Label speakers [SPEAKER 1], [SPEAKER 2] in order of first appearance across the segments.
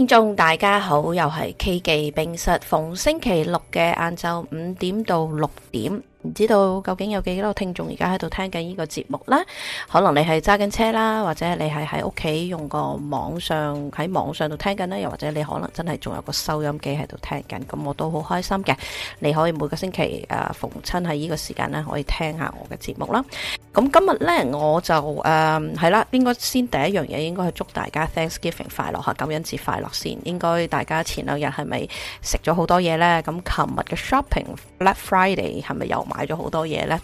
[SPEAKER 1] 聽眾大家好，又係 K 記冰室逢星期六嘅晏晝五點到六點。唔知道究竟有幾多個聽眾而家喺度聽緊呢個節目啦？可能你係揸緊車啦，或者你係喺屋企用個網上喺網上度聽緊啦，又或者你可能真係仲有個收音機喺度聽緊，咁我都好開心嘅。你可以每個星期誒、呃、逢親喺呢個時間咧，可以聽下我嘅節目啦。咁今日呢，我就誒係、嗯、啦，應該先第一樣嘢應該係祝大家 Thanksgiving 快樂吓感恩節快樂先。應該大家前兩日係咪食咗好多嘢呢？咁琴日嘅 Shopping Black Friday 係咪有？買咗好多嘢呢，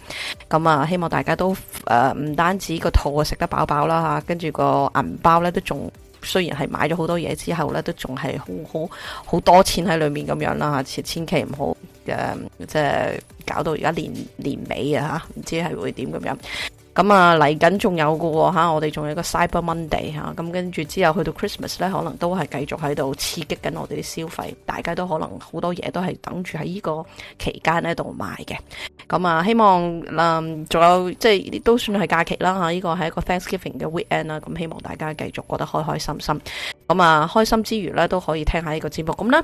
[SPEAKER 1] 咁啊，希望大家都誒唔單止個肚啊食得飽飽啦吓，跟住個銀包呢，都仲雖然係買咗好多嘢之後呢，都仲係好好好多錢喺裏面咁樣啦吓，千千祈唔好誒，即係搞到而家年年尾啊吓，唔知係會點咁樣。咁啊，嚟緊仲有個吓，我哋仲有個 Cyber Monday 吓，咁跟住之後去到 Christmas 咧，可能都係繼續喺度刺激緊我哋啲消費，大家都可能好多嘢都係等住喺呢個期間呢度買嘅。咁啊，希望嗯，仲有即係都算係假期啦吓，呢個係一個 Thanksgiving 嘅 Weekend 啦。咁希望大家繼續過得開開心心。咁啊，開心之餘咧，都可以聽下呢個節目。咁咧，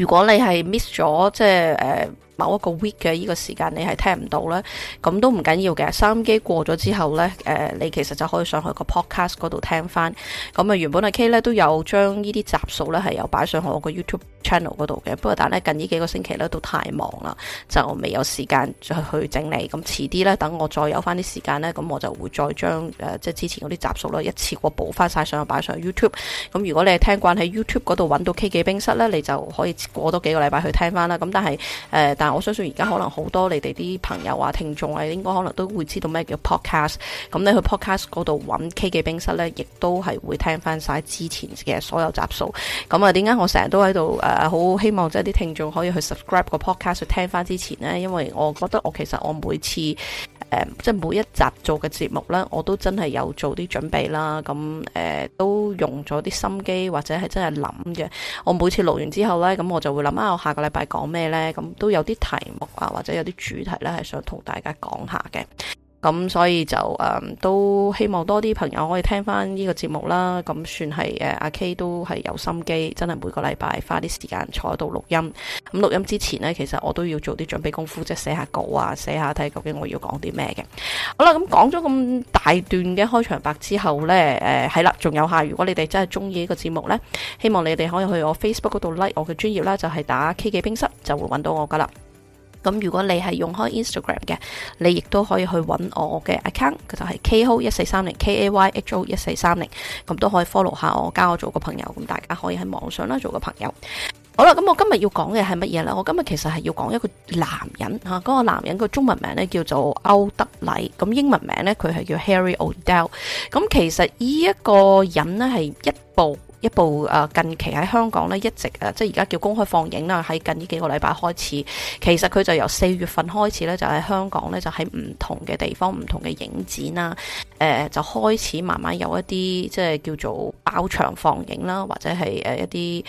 [SPEAKER 1] 如果你係 miss 咗即係誒。呃某一個 week 嘅呢個時間你係聽唔到啦。咁都唔緊要嘅。收音機過咗之後呢，誒、呃，你其實就可以上去個 podcast 嗰度聽翻。咁啊，原本阿 K 呢都有將呢啲集數呢係有擺上去我個 YouTube channel 嗰度嘅。不過但係呢近呢幾個星期呢都太忙啦，就未有時間再去整理。咁遲啲呢，等我再有翻啲時間呢，咁我就會再將、呃、即係之前嗰啲集數呢一次過補翻晒上去。擺上 YouTube。咁如果你係聽慣喺 YouTube 嗰度揾到 K 記冰室呢，你就可以過多幾個禮拜去聽翻啦。咁但係誒，呃我相信而家可能好多你哋啲朋友啊、聽眾啊，應該可能都會知道咩叫 podcast。咁你去 podcast 度揾《K 記冰室》咧，亦都係會聽翻晒之前嘅所有集數，咁啊，點解我成日都喺度誒好希望即係啲聽眾可以去 subscribe 個 podcast 去聽翻之前咧？因為我覺得我其實我每次、呃、即係每一集做嘅節目咧，我都真係有做啲準備啦。咁誒、呃、都用咗啲心機或者係真係諗嘅。我每次錄完之後咧，咁我就會諗啊，我下個禮拜講咩咧？咁都有啲。題目啊，或者有啲主題呢，係想同大家講下嘅，咁所以就誒、嗯，都希望多啲朋友可以聽翻呢個節目啦。咁算係誒，阿、啊、K 都係有心機，真係每個禮拜花啲時間坐喺度錄音。咁錄音之前呢，其實我都要做啲準備功夫，即係寫下稿啊，寫下睇究竟我要講啲咩嘅。好啦，咁講咗咁大段嘅開場白之後呢，誒、呃、係啦，仲有下。如果你哋真係中意呢個節目呢，希望你哋可以去我 Facebook 嗰度 like 我嘅專頁啦，就係、是、打 K 記冰室就會揾到我噶啦。咁如果你係用開 Instagram 嘅，你亦都可以去揾我嘅 account，佢就係、是、KayHo 一四三零 K A Y H O 一四三零，咁都可以 follow 下我，加我做個朋友，咁大家可以喺網上啦做個朋友。好啦，咁我今日要講嘅係乜嘢呢？我今日其實係要講一個男人嚇，嗰、那個男人嘅中文名咧叫做歐德禮，咁英文名咧佢係叫 Harry O’Dell。咁其實呢一個人呢係一部。一部誒近期喺香港咧一直誒，即係而家叫公開放映啦，喺近呢幾個禮拜開始，其實佢就由四月份開始咧，就喺香港咧就喺唔同嘅地方、唔同嘅影展啦，誒、呃，就開始慢慢有一啲即係叫做包場放映啦，或者係誒一啲，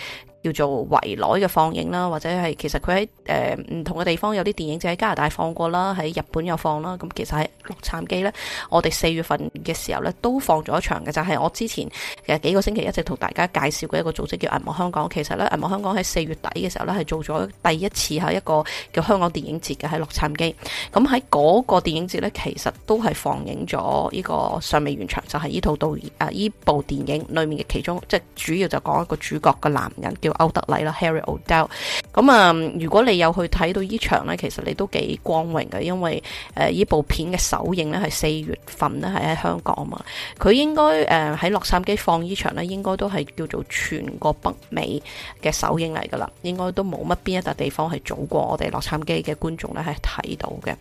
[SPEAKER 1] 叫做圍內嘅放映啦，或者係其實佢喺誒唔同嘅地方有啲電影，就喺加拿大放過啦，喺日本有放啦。咁其實喺洛杉磯呢，我哋四月份嘅時候呢都放咗場嘅，就係、是、我之前其實幾個星期一直同大家介紹過一個組織叫銀幕香港。其實呢，《銀幕香港》喺四月底嘅時候呢，係做咗第一次喺一個叫香港電影節嘅喺洛杉磯。咁喺嗰個電影節呢，其實都係放映咗呢個尚未完場，就係呢套導演呢部電影裡面嘅其中，即、就、係、是、主要就講一個主角嘅男人叫。歐德禮啦，Harry Odell。咁、嗯、啊，如果你有去睇到依場呢，其實你都幾光榮嘅，因為誒依、呃、部片嘅首映呢係四月份呢係喺香港啊嘛。佢應該誒喺、呃、洛杉磯放依場呢，應該都係叫做全個北美嘅首映嚟噶啦。應該都冇乜邊一笪地方係早過我哋洛杉磯嘅觀眾呢係睇到嘅。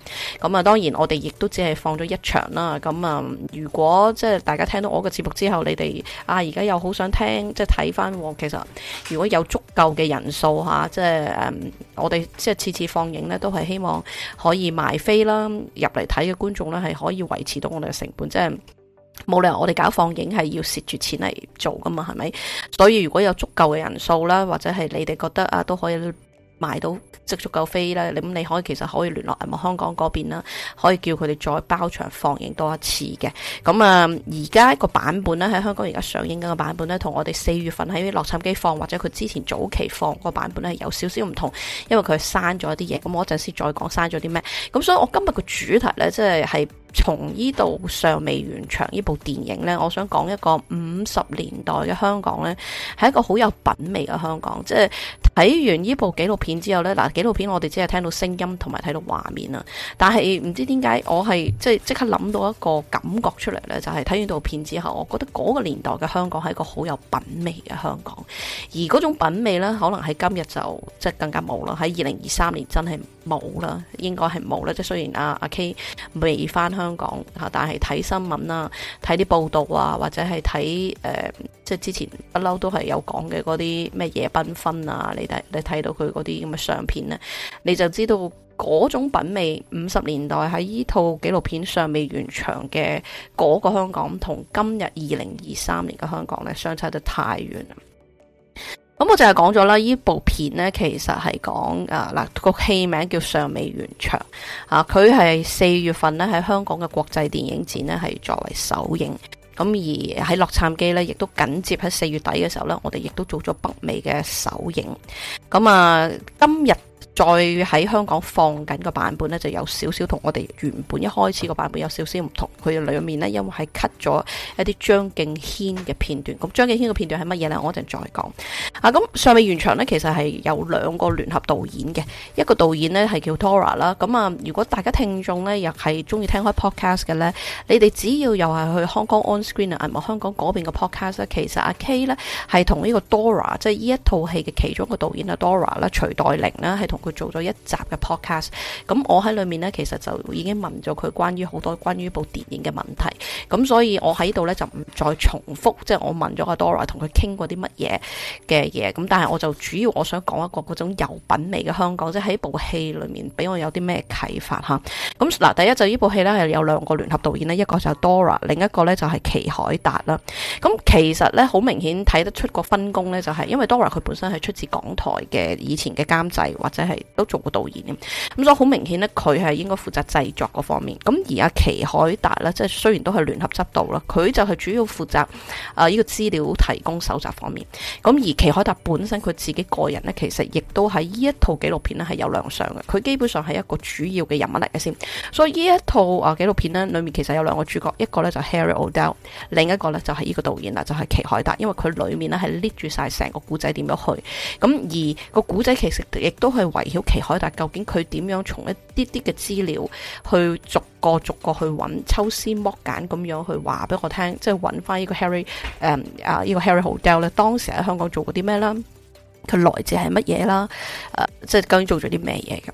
[SPEAKER 1] 咁、嗯、啊，當然我哋亦都只係放咗一場啦。咁、嗯、啊，如果即係大家聽到我嘅節目之後，你哋啊而家又好想聽即係睇翻，其實如果有。有足夠嘅人數吓，即係誒，我哋即係次次放映咧，都係希望可以賣飛啦，入嚟睇嘅觀眾咧係可以維持到我哋嘅成本，即係冇理由我哋搞放映係要蝕住錢嚟做噶嘛，係咪？所以如果有足夠嘅人數啦，或者係你哋覺得啊，都可以。買到即足夠飛啦。你咁你可以其實可以聯絡銀幕香港嗰邊啦，可以叫佢哋再包場放映多一次嘅。咁啊，而家個版本呢，喺香港而家上映緊嘅版本呢，同我哋四月份喺洛杉磯放或者佢之前早期放個版本呢，有少少唔同，因為佢刪咗一啲嘢。咁我一陣再講刪咗啲咩。咁所以我今日個主題呢，即係係從呢度尚未完場呢部電影呢，我想講一個五十年代嘅香港呢，係一個好有品味嘅香港，即係。睇完呢部紀錄片之後呢，嗱紀錄片我哋只係聽到聲音同埋睇到畫面啊，但係唔知點解我係即係即刻諗到一個感覺出嚟呢，就係、是、睇完部片之後，我覺得嗰個年代嘅香港係一個好有品味嘅香港，而嗰種品味呢，可能喺今日就即係更加冇啦。喺二零二三年真係冇啦，應該係冇啦。即係雖然阿阿 K 未翻香港吓，但係睇新聞啦，睇啲報道啊，或者係睇誒。呃即係之前不嬲都係有講嘅嗰啲咩嘢繽紛啊，你睇你睇到佢嗰啲咁嘅相片呢，你就知道嗰種品味。五十年代喺呢套紀錄片尚未完場嘅嗰個香港，同今日二零二三年嘅香港呢，相差得太遠啦。咁我就係講咗啦，呢部片呢，其實係講啊嗱，個戲名叫《尚未完場》啊，佢係四月份咧喺香港嘅國際電影展呢，係作為首映。咁而喺洛杉磯呢，亦都緊接喺四月底嘅時候呢，我哋亦都做咗北美嘅首映。咁啊，今日。再喺香港放緊個版本呢，就有少少同我哋原本一開始個版本有少少唔同。佢裏面呢，因為係 cut 咗一啲張敬軒嘅片段。咁張敬軒個片段係乜嘢呢？我一陣再講。啊，咁尚未完場呢，其實係有兩個聯合導演嘅，一個導演呢，係叫 Dora 啦。咁啊，如果大家聽眾呢，又係中意聽開 podcast 嘅呢，你哋只要又係去 Hong Kong on screen，而香港 on screen 啊，唔係香港嗰邊嘅 podcast 呢。其實阿 K 呢，係同呢個 Dora，即係呢一套戲嘅其中一個導演啊 Dora 啦，徐岱靈啦，係同。佢做咗一集嘅 podcast，咁我喺裏面呢，其實就已經問咗佢關於好多關於部電影嘅問題。咁所以，我喺度咧就唔再重複，即係我問咗阿 Dora 同佢傾過啲乜嘢嘅嘢。咁但係我就主要我想講一個嗰種有品味嘅香港，即係喺部戲裏面俾我有啲咩啟發吓。咁嗱，第一就呢部戲咧係有兩個聯合導演呢，一個就係 Dora，另一個咧就係祁凱達啦。咁其實咧好明顯睇得出個分工咧，就係因為 Dora 佢本身係出自港台嘅以前嘅監製或者係都做過導演，咁所以好明顯咧佢係應該負責製作嗰方面。咁而阿祁凱達咧，即係雖然都係聯聯合執導啦，佢就係主要負責誒呢個資料提供搜集方面。咁而祁凱達本身佢自己個人呢，其實亦都喺呢一套紀錄片呢係有亮相嘅。佢基本上係一個主要嘅人物嚟嘅先。所以呢一套啊紀錄片呢，裏面其實有兩個主角，一個呢就是、Harry Odell，另一個呢就係、是、呢個導演啦，就係、是、祁凱達。因為佢裏面呢係拎住晒成個古仔點樣去。咁而個古仔其實亦都係圍繞祁凱達究竟佢點樣從一啲啲嘅資料去逐。個逐個去揾抽絲剝繭咁樣去話俾我聽，即係揾翻呢個 Harry 誒、um, 啊呢、這個 Harry Odell 咧，當時喺香港做過啲咩啦？佢來自係乜嘢啦？即係究竟做咗啲咩嘢嘅？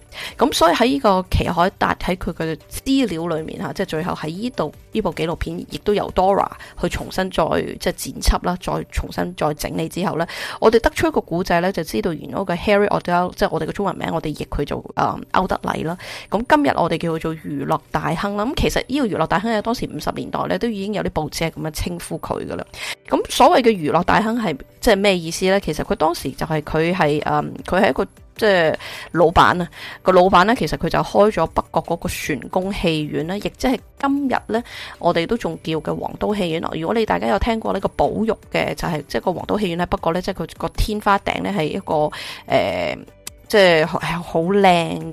[SPEAKER 1] 咁、嗯、所以喺呢個奇海達喺佢嘅資料裏面即係最後喺呢度呢部紀錄片，亦都由 Dora 去重新再即係剪輯啦，再重新再整理之後呢，我哋得出一個故仔呢，就知道原來嘅 Harry，Odell 即係我哋嘅中文名，我哋譯佢做誒、嗯、歐德禮啦。咁、嗯、今日我哋叫佢做娛樂大亨啦。咁、嗯、其實呢個娛樂大亨喺當時五十年代呢，都已經有啲報紙係咁樣稱呼佢嘅啦。咁、嗯、所謂嘅娛樂大亨係即係咩意思呢？其實佢當時就係、是佢係誒，佢、嗯、係一個即係老闆啊，個老闆咧，其實佢就開咗北角嗰個船工戲院啦。亦即係今日咧，我哋都仲叫嘅皇都戲院咯。如果你大家有聽過呢個保育嘅，就是，就係即係個皇都戲院不過咧，即係佢個天花頂咧係一個誒、呃，即係好靚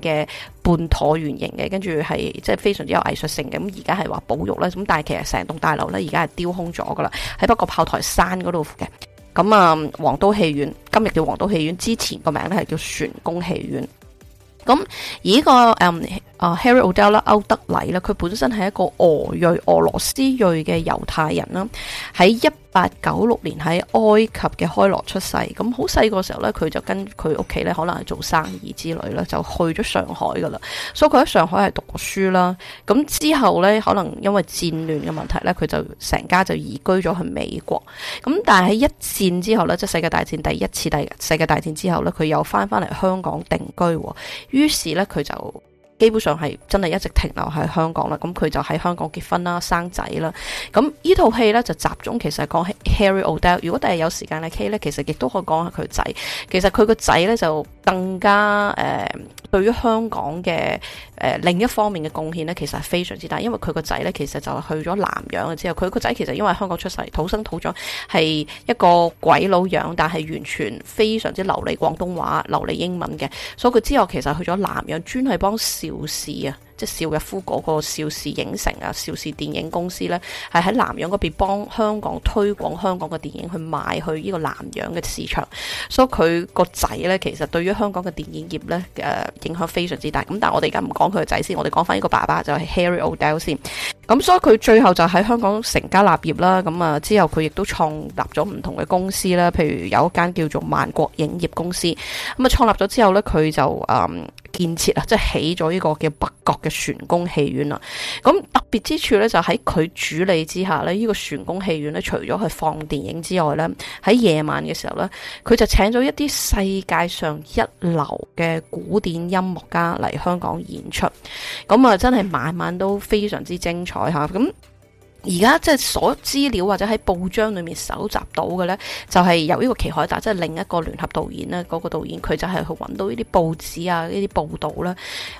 [SPEAKER 1] 嘅半橢圓形嘅，跟住係即係非常之有藝術性嘅。咁而家係話保育啦。咁但係其實成棟大樓咧，而家係雕空咗噶啦，喺北角炮台山嗰度嘅。咁啊，黃都戲院今日叫黃都戲院，之前個名咧係叫船公戲院。咁而呢個嗯啊 Harry Odell 啦，歐德禮啦，佢本身係一個俄裔、俄羅斯裔嘅猶太人啦，喺一。八九六年喺埃及嘅開羅出世，咁好細個時候呢，佢就跟佢屋企呢，可能係做生意之類啦，就去咗上海噶啦，所以佢喺上海係讀過書啦。咁之後呢，可能因為戰亂嘅問題呢，佢就成家就移居咗去美國。咁但係喺一戰之後呢，即係世界大戰第一次第世界大戰之後呢，佢又翻翻嚟香港定居。於是呢，佢就。基本上係真係一直停留喺香港啦，咁佢就喺香港結婚啦、生仔啦，咁呢套戲呢，就集中其實講 Harry Odell。如果第日有時間咧，K 呢，其實亦都可以講下佢仔。其實佢個仔呢，就更加誒、呃、對於香港嘅。誒、呃、另一方面嘅貢獻呢，其實係非常之大，因為佢個仔呢，其實就去咗南洋啊。之後佢個仔其實因為香港出世，土生土長係一個鬼佬樣，但係完全非常之流利廣東話、流利英文嘅，所以佢之後其實去咗南洋，專係幫邵氏啊。即邵逸夫嗰個邵氏影城啊，邵氏電影公司呢，係喺南洋嗰邊幫香港推廣香港嘅電影去賣去呢個南洋嘅市場，所以佢個仔呢，其實對於香港嘅電影業呢，誒、呃、影響非常之大。咁但係我哋而家唔講佢個仔先，我哋講返呢個爸爸就係、是、Harry O'Dell 先。咁所以佢最後就喺香港成家立業啦。咁啊之後佢亦都創立咗唔同嘅公司啦，譬如有一間叫做萬國影業公司。咁啊創立咗之後呢，佢就誒。嗯建設啊，即係起咗呢個叫北角嘅璇宮戲院啦。咁特別之處呢，就喺佢主理之下咧，呢、呢個璇宮戲院呢，除咗去放電影之外呢，喺夜晚嘅時候呢，佢就請咗一啲世界上一流嘅古典音樂家嚟香港演出。咁啊，真係晚晚都非常之精彩吓咁。而家即係所有資料或者喺報章裏面搜集到嘅呢，就係由呢個祁凱達即係另一個聯合導演呢。嗰個導演佢就係去揾到呢啲報紙啊，呢啲報導啦。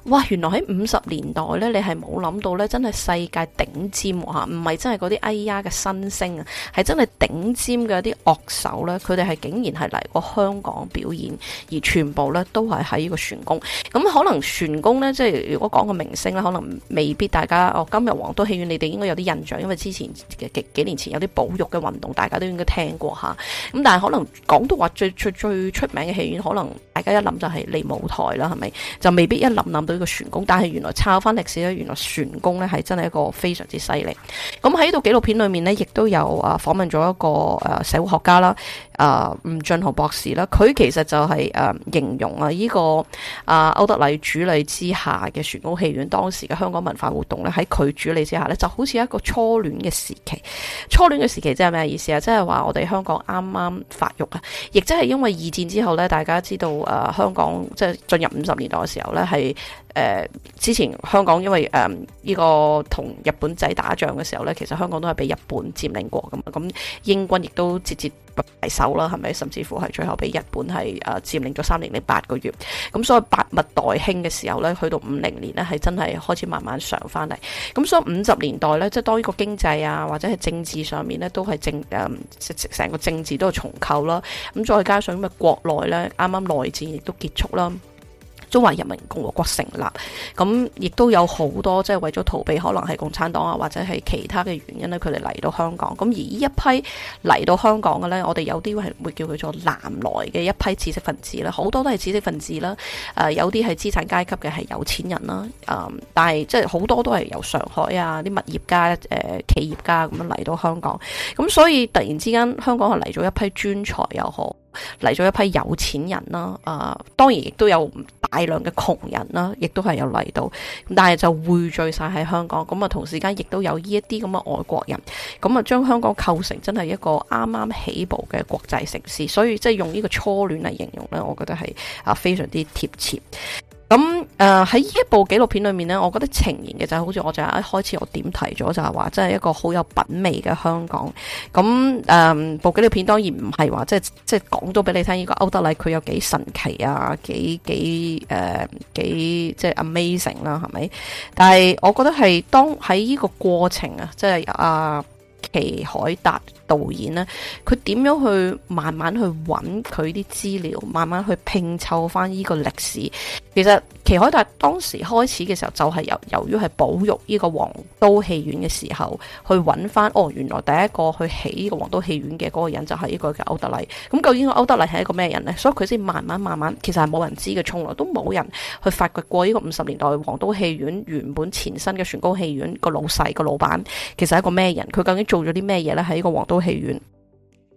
[SPEAKER 1] 哇！原來喺五十年代呢，你係冇諗到呢，真係世界頂尖嚇，唔係真係嗰啲哎呀嘅新星啊，係真係頂尖嘅一啲樂手呢。佢哋係竟然係嚟過香港表演，而全部呢都係喺呢個璇宮。咁可能璇宮呢，即係如果講個明星呢，可能未必大家哦。今日皇都戲院，你哋應該有啲印象。因為之前幾幾年前有啲保育嘅運動，大家都應該聽過吓。咁但係可能講到話最最最出名嘅戲院，可能大家一諗就係利舞台啦，係咪？就未必一諗諗到呢個船工。但係原來查翻歷史咧，原來船工咧係真係一個非常之犀利。咁喺呢度紀錄片裏面呢，亦都有啊訪問咗一個誒、呃、社會學家啦，誒、呃、吳俊雄博士啦。佢其實就係、是、誒、呃、形容啊、這、呢個啊、呃、歐德禮主理之下嘅船工戲院，當時嘅香港文化活動咧，喺佢主理之下咧，就好似一個初初戀嘅時期，初戀嘅時期即係咩意思啊？即係話我哋香港啱啱發育啊，亦即係因為二戰之後呢，大家知道誒、呃，香港即係進入五十年代嘅時候呢，係誒、呃、之前香港因為誒呢、呃這個同日本仔打仗嘅時候呢，其實香港都係被日本佔領過噶嘛，咁英軍亦都直接。大手啦，係咪？甚至乎係最後俾日本係誒佔領咗三年零八個月，咁所以百物待興嘅時候呢，去到五零年呢，係真係開始慢慢上返嚟，咁所以五十年代呢，即係當呢個經濟啊或者係政治上面呢，都係政誒成成個政治都係重構啦，咁再加上咁啊國內呢啱啱內戰亦都結束啦。中華人民共和國成立，咁亦都有好多即係、就是、為咗逃避可能係共產黨啊，或者係其他嘅原因呢，佢哋嚟到香港。咁而呢一批嚟到香港嘅呢，我哋有啲係會叫佢做南來嘅一批知識分子啦，好多都係知識分子啦。誒，有啲係資產階級嘅，係有錢人啦。誒，但係即係好多都係由上海啊啲物業家、誒企業家咁樣嚟到香港。咁所以突然之間香港係嚟咗一批專才又好。嚟咗一批有錢人啦，啊，當然亦都有大量嘅窮人啦，亦都係有嚟到，但係就匯聚晒喺香港，咁啊同時間亦都有呢一啲咁嘅外國人，咁啊將香港構成真係一個啱啱起步嘅國際城市，所以即係用呢個初戀嚟形容呢，我覺得係啊非常之貼切。咁誒喺呢一部紀錄片裏面咧，我覺得呈現嘅就係好似我就一開始我點提咗就係話，即係一個好有品味嘅香港。咁誒、呃，部紀錄片當然唔係話即係即係講咗俾你聽呢、個歐德禮佢有幾神奇啊，幾幾誒、呃、幾即係 amazing 啦，係咪？但係我覺得係當喺呢個過程啊，即係阿祁海達。導演呢，佢點樣去慢慢去揾佢啲資料，慢慢去拼湊翻呢個歷史。其實祁凱達當時開始嘅時候，就係、是、由由於係保育呢個皇都戲院嘅時候，去揾翻哦，原來第一個去起呢個皇都戲院嘅嗰個人就係呢個叫歐德禮。咁究竟個歐德禮係一個咩人呢？所以佢先慢慢慢慢，其實係冇人知嘅，從來都冇人去發掘過呢個五十年代皇都戲院原本前身嘅船高戲院個老細個老闆，其實係一個咩人？佢究竟做咗啲咩嘢呢？喺呢個皇都院戲院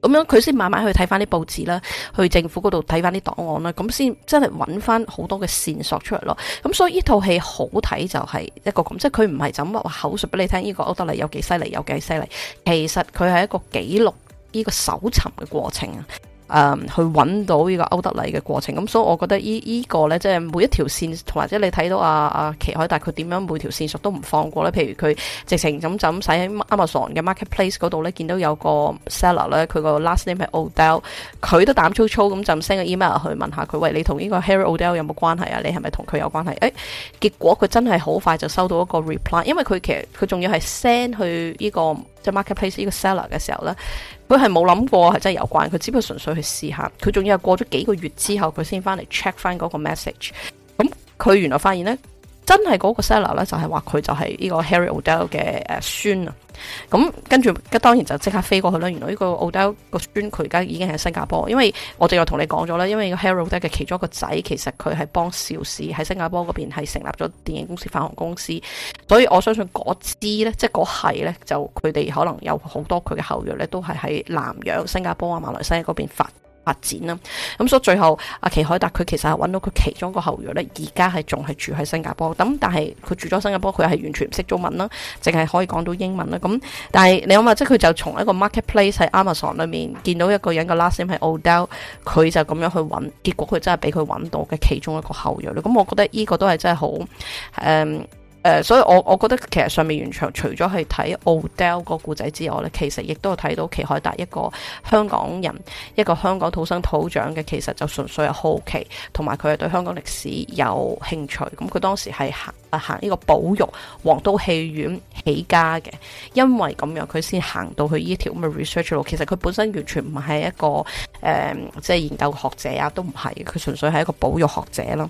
[SPEAKER 1] 咁樣，佢先慢慢去睇翻啲報紙啦，去政府嗰度睇翻啲檔案啦，咁先真係揾翻好多嘅線索出嚟咯。咁所以呢套戲好睇就係一個咁，即係佢唔係就乜話口述俾你聽，呢個歐德禮有幾犀利，有幾犀利。其實佢係一個記錄呢個搜尋嘅過程啊。誒去揾到呢個歐德禮嘅過程，咁所以我覺得依依、這個呢，即係每一條線，同或者你睇到阿、啊、阿、啊、奇海大佢點樣每條線索都唔放過呢，譬如佢直情咁咁使喺 Amazon 嘅 Marketplace 嗰度呢見到有個 seller 呢佢個 last name 係 Odell，佢都膽粗粗咁就 send 個 email 去問下佢，喂，你同呢個 Harry Odell 有冇關係啊？你係咪同佢有關係？誒、哎，結果佢真係好快就收到一個 reply，因為佢其實佢仲要係 send 去呢個即 Marketplace 呢個 seller 嘅時候呢。佢係冇諗過是，係真係有關。佢只不過純粹去試下。佢仲要係過咗幾個月之後，佢先翻嚟 check 翻嗰個 message。咁佢原來發現呢。真係嗰個 seller 咧，就係話佢就係呢個 Harry Odell 嘅誒孫啊。咁跟住，當然就即刻飛過去啦。原來呢個 Odell 個孫佢而家已經喺新加坡，因為我哋又同你講咗啦，因為 Harry Odell 嘅其中一個仔，其實佢係幫邵氏喺新加坡嗰邊係成立咗電影公司發行公司，所以我相信嗰支、就係、呢，即係嗰係咧，就佢哋可能有好多佢嘅後裔呢，都係喺南洋、新加坡啊、馬來西亞嗰邊發發展啦，咁所以最後阿奇海達佢其實揾到佢其中一個後裔咧，而家係仲係住喺新加坡。咁但係佢住咗新加坡，佢係完全唔識中文啦，淨係可以講到英文啦。咁但係你諗下，即佢就從一個 marketplace 喺 Amazon 裏面見到一個人個 last name 係 Odell，佢就咁樣去揾，結果佢真係俾佢揾到嘅其中一個後裔啦。咁我覺得呢個都係真係好誒誒、呃，所以我我覺得其實尚未完場，除咗去睇歐德禮個故仔之外呢，其實亦都睇到祁凱達一個香港人，一個香港土生土長嘅，其實就純粹係好奇，同埋佢係對香港歷史有興趣。咁佢當時係行啊行呢個保育皇都戲院起家嘅，因為咁樣佢先行到去呢條咁嘅 research 路。其實佢本身完全唔係一個誒、呃，即係研究學者啊，都唔係，佢純粹係一個保育學者啦。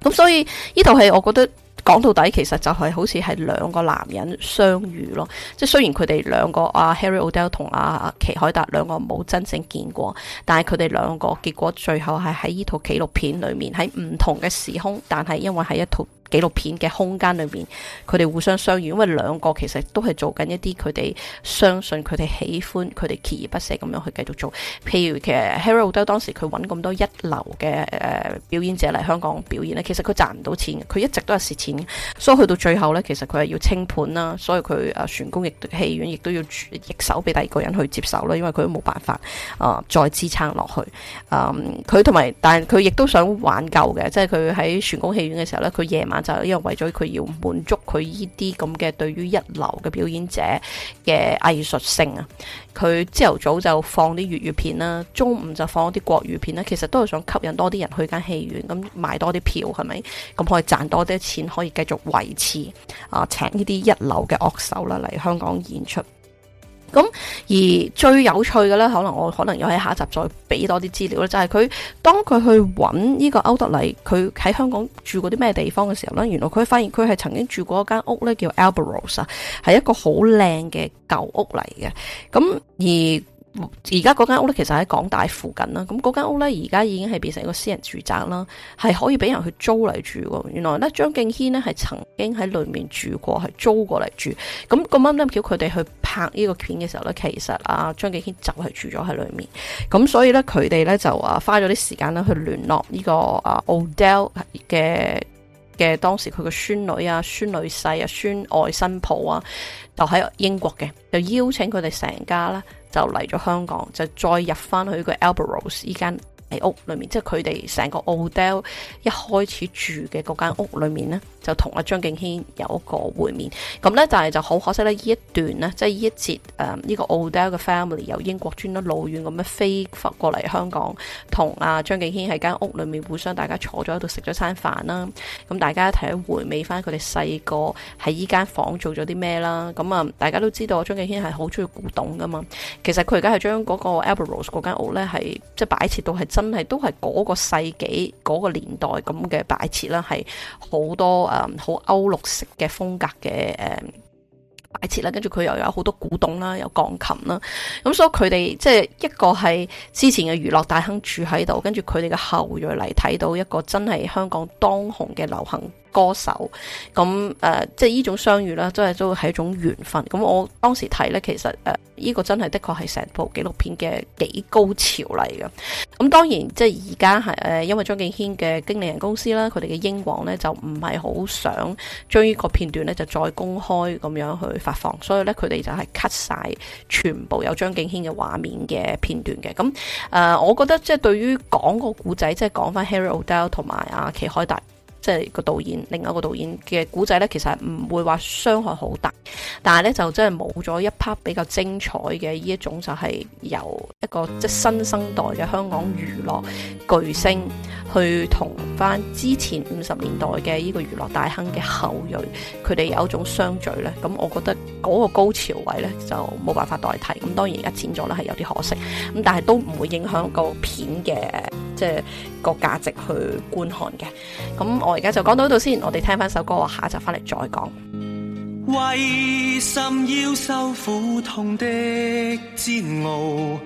[SPEAKER 1] 咁所以呢套戲，我覺得。講到底，其實就係好似係兩個男人相遇咯。即係雖然佢哋兩個啊 Harry Odell 同阿祁凱達兩個冇真正見過，但係佢哋兩個結果最後係喺呢套紀錄片裏面喺唔同嘅時空，但係因為喺一套。紀錄片嘅空間裏面，佢哋互相相遇。因為兩個其實都係做緊一啲佢哋相信、佢哋喜歡、佢哋鍥而不捨咁樣去繼續做。譬如其實 Harry Odell 當時佢揾咁多一流嘅誒表演者嚟香港表演咧，其實佢賺唔到錢，佢一直都係蝕錢，所以去到最後呢，其實佢係要清盤啦。所以佢誒璇宮戲院亦都要易手俾第二個人去接手啦，因為佢都冇辦法啊、呃、再支撐落去。嗯、呃，佢同埋但係佢亦都想挽救嘅，即係佢喺璇宮戲院嘅時候呢，佢夜晚，就因為為咗佢要滿足佢呢啲咁嘅對於一流嘅表演者嘅藝術性啊，佢朝頭早就放啲粵語片啦，中午就放啲國語片啦，其實都係想吸引多啲人去間戲院，咁買多啲票係咪？咁可以賺多啲錢，可以繼續維持啊請呢啲一流嘅樂手啦嚟香港演出。咁而最有趣嘅咧，可能我可能要喺下一集再俾多啲資料咧，就係佢當佢去揾呢個歐德禮，佢喺香港住過啲咩地方嘅時候咧，原來佢發現佢係曾經住過一間屋咧，叫 Alberose 啊，係一個好靚嘅舊屋嚟嘅，咁而。而家嗰間屋咧，其實喺港大附近啦。咁嗰間屋咧，而家已經係變成一個私人住宅啦，係可以俾人去租嚟住嘅。原來咧，張敬軒呢係曾經喺裏面住過，係租過嚟住。咁咁啱巧佢哋去拍呢個片嘅時候咧，其實啊張敬軒就係住咗喺裏面。咁所以咧，佢哋咧就啊花咗啲時間咧去聯絡呢個阿 Odell 嘅嘅當時佢嘅孫女啊、孫女婿啊、孫外新抱啊，就喺英國嘅，就邀請佢哋成家啦。就嚟咗香港，就再入返去個 Alberts 依間。屋裏面，即係佢哋成個歐德禮一開始住嘅嗰間屋裏面呢，就同阿張敬軒有一個會面。咁呢，但係就好可惜咧，呢一段呢，即係呢一節誒呢，嗯這個歐德禮嘅 family 由英國專登老遠咁樣飛翻過嚟香港，同阿張敬軒喺間屋裏面互相大家坐咗喺度食咗餐飯啦。咁，啊，大家一睇回味翻佢哋細個喺呢間房做咗啲咩啦。咁啊，大家都知道張敬軒係好中意古董噶嘛。其實佢而家係將嗰個 Alberose 嗰間屋呢，係即係擺設到係真。真係都係嗰個世紀，嗰個年代咁嘅擺設啦，係好多誒，好歐陸式嘅風格嘅誒擺設啦。跟住佢又有好多古董啦，有鋼琴啦。咁所以佢哋即係一個係之前嘅娛樂大亨住喺度，跟住佢哋嘅後裔嚟睇到一個真係香港當紅嘅流行歌手咁誒、呃，即係呢種相遇啦，真係都係一種緣分。咁我當時睇呢，其實誒，呢、呃這個真係的確係成部紀錄片嘅幾高潮嚟噶。咁當然，即係而家係誒，因為張敬軒嘅經理人公司啦，佢哋嘅英皇呢，就唔係好想將呢個片段呢，就再公開咁樣去發放，所以呢，佢哋就係 cut 晒全部有張敬軒嘅畫面嘅片段嘅。咁誒、呃，我覺得即係對於講個古仔，即係講翻 Harry O’Dell 同埋阿祁開達。即係個導演，另外一個導演嘅古仔呢，其實唔會話傷害好大，但係呢，就真係冇咗一 part 比較精彩嘅呢一種，就係由一個即係新生代嘅香港娛樂巨星去同翻之前五十年代嘅呢個娛樂大亨嘅後裔，佢哋有一種相聚呢，咁我覺得嗰個高潮位呢，就冇辦法代替，咁當然而家剪咗呢，係有啲可惜，咁但係都唔會影響個片嘅即係。個價值去觀看嘅，咁我而家就講到呢度先，我哋聽翻首歌，我下集翻嚟再講。
[SPEAKER 2] 為什要受苦痛的煎熬？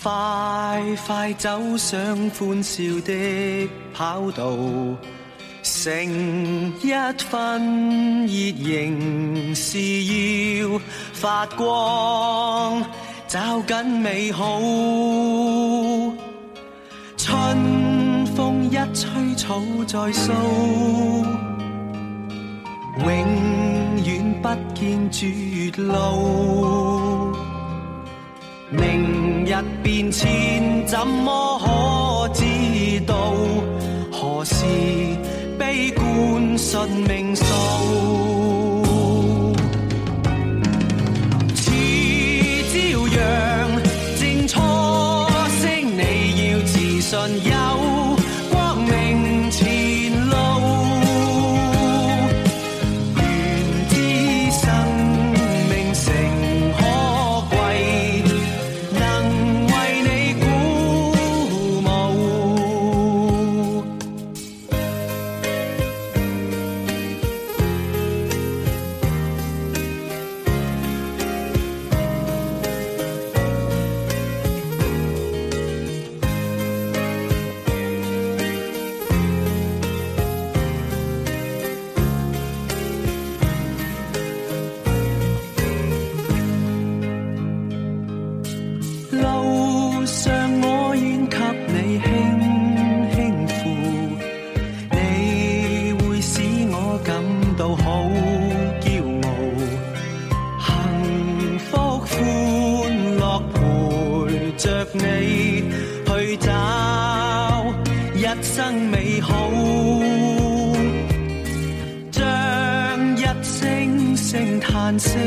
[SPEAKER 2] 快快走上歡笑的跑道。成一份熱，仍是要發光，找緊美好。一吹草再蘇，永遠不見絕路。明日變遷，怎麼可知道？何時悲觀信命數？後，將一聲聲嘆息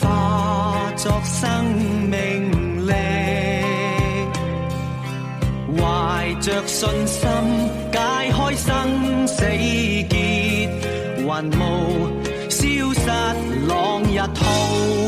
[SPEAKER 2] 化作生命力，懷着信心解開生死結，雲霧消失，朗日透。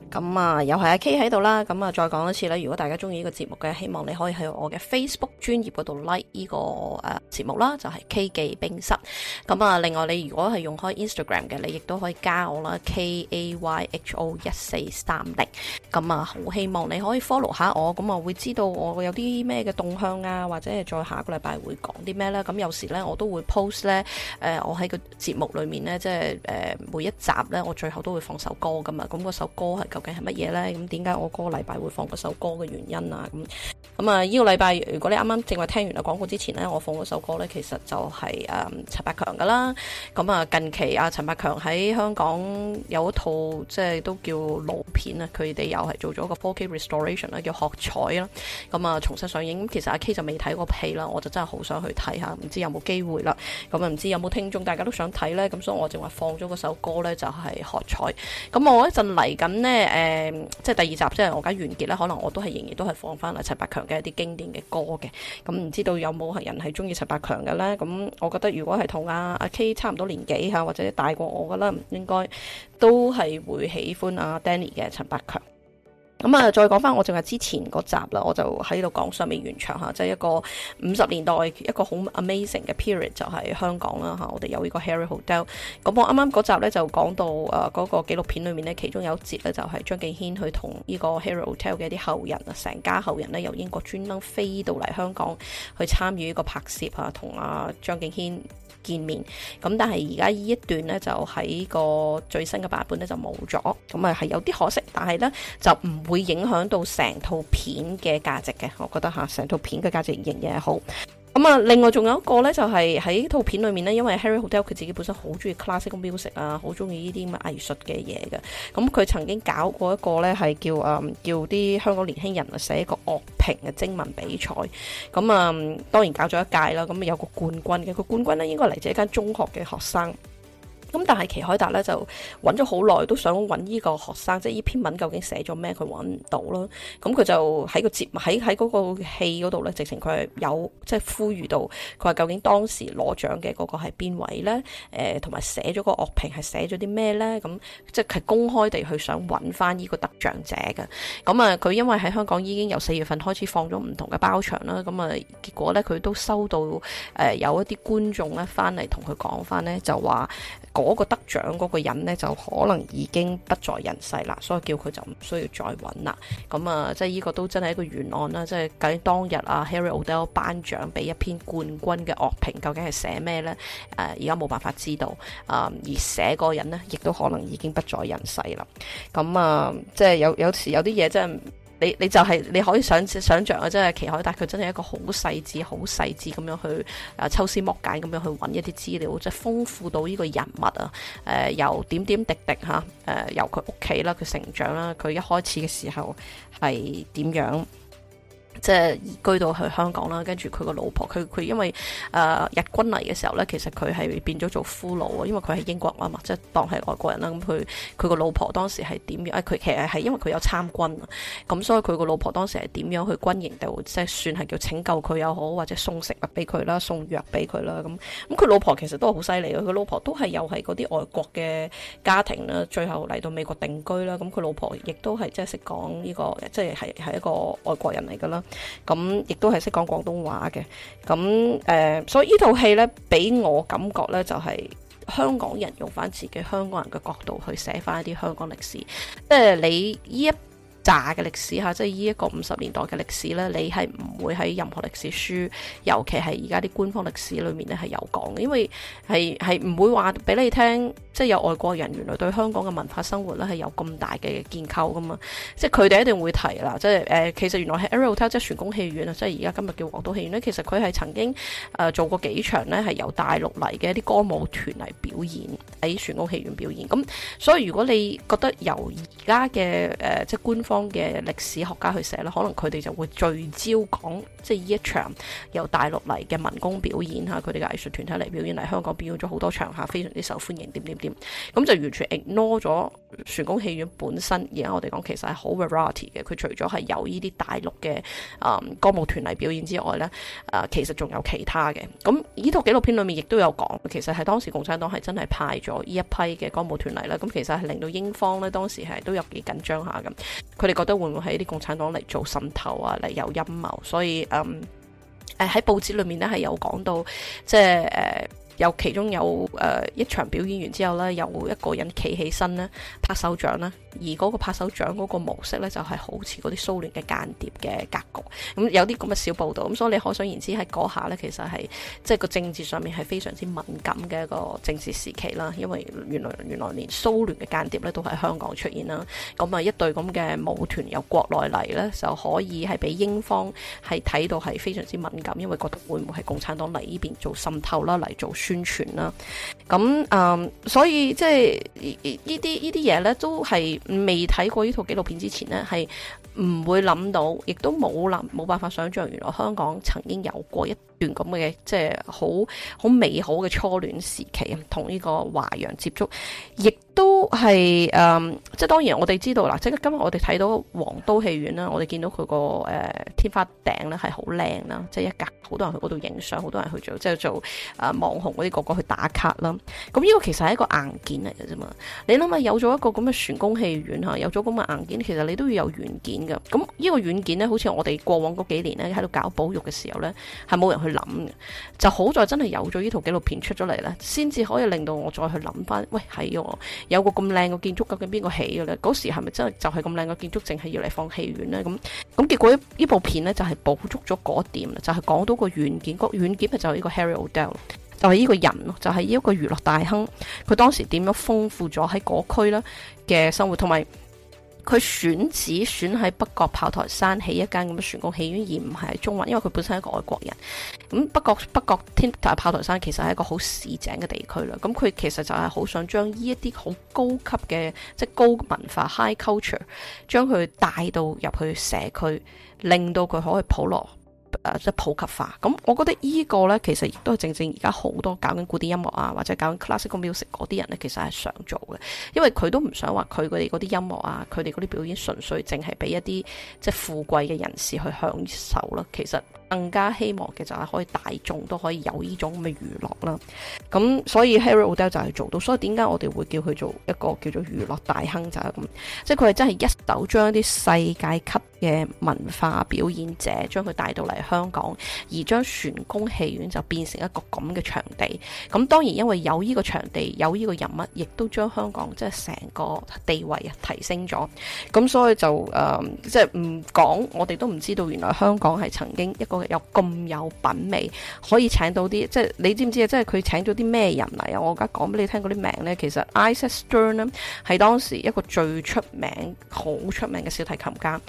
[SPEAKER 1] 咁啊，又係阿 K 喺度啦。咁啊，再講一次啦，如果大家中意呢個節目嘅，希望你可以喺我嘅 Facebook 專頁嗰度 like 呢個誒節目啦，就係、是、K 記冰室。咁啊，另外你如果係用開 Instagram 嘅，你亦都可以加我啦，K A Y H O 一四三零。咁啊，好希望你可以 follow 下我，咁啊會知道我有啲咩嘅動向啊，或者係再下個禮拜會講啲咩咧。咁有時咧，我都會 post 咧，誒、呃，我喺個節目裏面咧，即係誒、呃、每一集咧，我最後都會放首歌噶嘛。咁、那個首歌係咁。究竟係乜嘢呢？咁點解我個禮拜會放嗰首歌嘅原因啊？咁咁啊！呢、這個禮拜如果你啱啱正話聽完啊廣告之前呢，我放嗰首歌呢，其實就係、是、誒、嗯、陳百強噶啦。咁啊，近期啊，陳百強喺香港有一套即係都叫老片啊，佢哋又係做咗個 4K restoration 啦，叫《學彩》啦。咁啊，重新上映。其實阿 K 就未睇過戲啦，我就真係好想去睇下，唔知有冇機會啦？咁啊，唔知有冇聽眾大家都想睇呢。咁所以我正話放咗嗰首歌呢，就係、是《學彩》。咁我一陣嚟緊呢。誒、嗯，即係第二集，即係我而家完結咧。可能我都係仍然都係放翻阿陳百強嘅一啲經典嘅歌嘅。咁唔知道有冇人係中意陳百強嘅呢？咁我覺得如果係同阿阿 K 差唔多年紀吓，或者大過我噶啦，應該都係會喜歡阿、啊、Danny 嘅陳百強。咁啊，再講翻我淨係之前嗰集啦，我就喺度講上面完場嚇，即係一個五十年代一個好 amazing 嘅 period 就係香港啦嚇，我哋有呢個 Harry Odell。咁我啱啱嗰集呢，就講到誒嗰個紀錄片裏面呢，其中有一節呢，就係張敬軒去同呢個 Harry Odell 嘅啲後人啊，成家後人呢，由英國專登飛到嚟香港去參與呢個拍攝啊，同阿張敬軒。見面咁，但係而家呢一段咧就喺個最新嘅版本咧就冇咗，咁啊，係有啲可惜，但係咧就唔會影響到成套片嘅價值嘅，我覺得吓，成套片嘅價值仍然係好。咁啊，另外仲有一個咧，就係喺套片裏面咧，因為 Harry Odell 佢自己本身好中意 classical music 啊，好中意呢啲咁嘅藝術嘅嘢嘅。咁佢曾經搞過一個咧，係叫啊叫啲香港年輕人啊寫一個樂評嘅徵文比賽。咁啊，當然搞咗一屆啦。咁有個冠軍嘅，個冠軍咧應該嚟自一間中學嘅學生。咁但係祁海達咧就揾咗好耐，都想揾呢個學生，即係呢篇文究竟寫咗咩？佢揾唔到囉。咁佢就喺個節目，喺喺嗰個戲嗰度咧，直情佢係有即係呼籲到，佢話究竟當時攞獎嘅嗰個係邊位咧？呃、同埋寫咗個樂評係寫咗啲咩咧？咁即係公開地去想揾翻呢個得獎者嘅。咁啊，佢因為喺香港已經由四月份開始放咗唔同嘅包場啦。咁啊，結果咧佢都收到、呃、有一啲觀眾咧翻嚟同佢講翻咧，就話。嗰、那個得獎嗰個人呢，就可能已經不在人世啦，所以叫佢就唔需要再揾啦。咁啊，即係呢個都真係一個懸案啦。即係究竟當日啊 Harry O'Dell 頒獎俾一篇冠軍嘅樂評，究竟係寫咩呢？誒、呃，而家冇辦法知道。啊、呃，而寫嗰人呢，亦都可能已經不在人世啦。咁啊，即係有有時有啲嘢真係～你你就係、是、你可以想想像啊，奇即係祁海達佢真係一個好細緻、好細緻咁樣去啊抽絲剝繭咁樣去揾一啲資料，即係豐富到呢個人物啊！誒、呃、由點點滴滴嚇誒、呃、由佢屋企啦，佢成長啦，佢一開始嘅時候係點樣？即係移居到去香港啦，跟住佢個老婆，佢佢因為誒、呃、日軍嚟嘅時候咧，其實佢係變咗做俘虜啊，因為佢係英國啊嘛，即係當係外國人啦。咁佢佢個老婆當時係點樣？佢其實係因為佢有參軍啊，咁所以佢個老婆當時係點樣去軍營度，即係算係叫拯救佢又好，或者送食物俾佢啦，送藥俾佢啦。咁咁佢老婆其實都好犀利啊！佢老婆都係又係嗰啲外國嘅家庭啦，最後嚟到美國定居啦。咁佢老婆亦都係即係識講呢個，即係係一個外國人嚟噶啦。咁亦都係識講廣東話嘅，咁誒、呃，所以呢套戲呢，俾我感覺呢，就係、是、香港人用翻自己香港人嘅角度去寫翻一啲香港歷史，即、呃、係你呢一紮嘅歷史吓，即係呢一個五十年代嘅歷史呢，你係唔會喺任何歷史書，尤其係而家啲官方歷史裏面呢係有講嘅，因為係係唔會話俾你聽。即係有外國人原來對香港嘅文化生活咧係有咁大嘅建構噶嘛，即係佢哋一定會提啦。即係誒、呃，其實原來係 Ariel Theatre 即係璇宮戲院啊，即係而家今日叫皇都戲院咧。其實佢係曾經誒、呃、做過幾場呢，係由大陸嚟嘅一啲歌舞團嚟表演，喺璇宮戲院表演。咁所以如果你覺得由而家嘅誒即係官方嘅歷史學家去寫啦，可能佢哋就會聚焦講即係呢一場由大陸嚟嘅文工表演嚇，佢哋嘅藝術團體嚟表演嚟香港表演咗好多場下，非常之受歡迎點點。咁就完全 ignore 咗璇宮戲院本身。而家我哋講其實係好 variety 嘅，佢除咗係有呢啲大陸嘅啊歌舞團嚟表演之外呢，啊、呃、其實仲有其他嘅。咁呢套紀錄片裏面亦都有講，其實係當時共產黨係真係派咗呢一批嘅歌舞團嚟啦。咁、嗯、其實係令到英方呢當時係都有幾緊張下咁，佢哋覺得會唔會係啲共產黨嚟做滲透啊，嚟有陰謀？所以嗯喺報紙裏面呢，係有講到即係、呃有其中有呃一場表演完之後咧，有一個人企起身啦，拍手掌啦。而嗰個拍手掌嗰個模式咧，就係好似嗰啲蘇聯嘅間諜嘅格局。咁有啲咁嘅小報導，咁所以你可想而知喺嗰下呢，其實係即係個政治上面係非常之敏感嘅一個政治時期啦。因為原來原來連蘇聯嘅間諜呢都喺香港出現啦。咁啊一隊咁嘅舞團由國內嚟呢，就可以係俾英方係睇到係非常之敏感，因為覺得會唔會係共產黨嚟呢邊做滲透啦，嚟做宣傳啦。咁，嗯，所以即係呢啲呢啲嘢呢，都係。未睇過呢套紀錄片之前咧，係唔會諗到，亦都冇諗冇辦法想象，原來香港曾經有過一段咁嘅即係好好美好嘅初戀時期啊，同呢個華洋接觸亦都係誒、嗯、即係當然我哋知道啦。即係今日我哋睇到皇都戲院啦，我哋見到佢個誒天花頂咧係好靚啦，即係一格，好多人去嗰度影相，好多人去做即係做誒、呃、網紅嗰啲個個去打卡啦。咁呢個其實係一個硬件嚟嘅啫嘛。你諗下有咗一個咁嘅璇宮戲院吓，有咗咁嘅硬件，其實你都要有軟件嘅，咁呢個軟件咧，好似我哋過往嗰幾年咧喺度搞保育嘅時候咧，係冇人去。諗就好在真係有咗呢套紀錄片出咗嚟，咧，先至可以令到我再去諗翻。喂，係、哎、哦，有個咁靚嘅建築究竟邊個起嘅呢？嗰時係咪真係就係咁靚嘅建築，淨係要嚟放戲院呢？咁咁結果呢部片呢，就係補足咗嗰點就係講到個軟件，個軟件咪就係呢個 Harry Odell，就係呢個人咯，就係呢一個娛樂大亨。佢當時點樣豐富咗喺嗰區咧嘅生活，同埋。佢選址選喺北角炮台山起一間咁嘅璇宮戲院，而唔係喺中環，因為佢本身係一個外國人。咁北角北角天炮台山其實係一個好市井嘅地區啦。咁佢其實就係好想將呢一啲好高級嘅即係高文化 high culture，將佢帶到入去社區，令到佢可以普羅。誒，即普及化，咁我覺得呢個呢，其實亦都係正正而家好多搞緊古典音樂啊，或者搞緊 classical music 嗰啲人呢，其實係想做嘅，因為佢都唔想話佢哋嗰啲音樂啊，佢哋嗰啲表演純粹淨係俾一啲即係富貴嘅人士去享受啦，其實。更加希望嘅就係可以大眾都可以有呢種咁嘅娛樂啦，咁所以 Harry O’Dell 就係做到，所以點解我哋會叫佢做一個叫做娛樂大亨就係咁，即係佢係真係一手將啲世界級嘅文化表演者將佢帶到嚟香港，而將璇宮戲院就變成一個咁嘅場地。咁當然因為有呢個場地，有呢個人物，亦都將香港即係成個地位提升咗。咁所以就誒，即係唔講，我哋都唔知道原來香港係曾經一個。又咁有品味，可以請到啲即係你知唔知啊？即係佢請咗啲咩人嚟啊？我而家講俾你聽嗰啲名呢。其實 Isaac Stern 咧係當時一個最出名、好出名嘅小提琴家。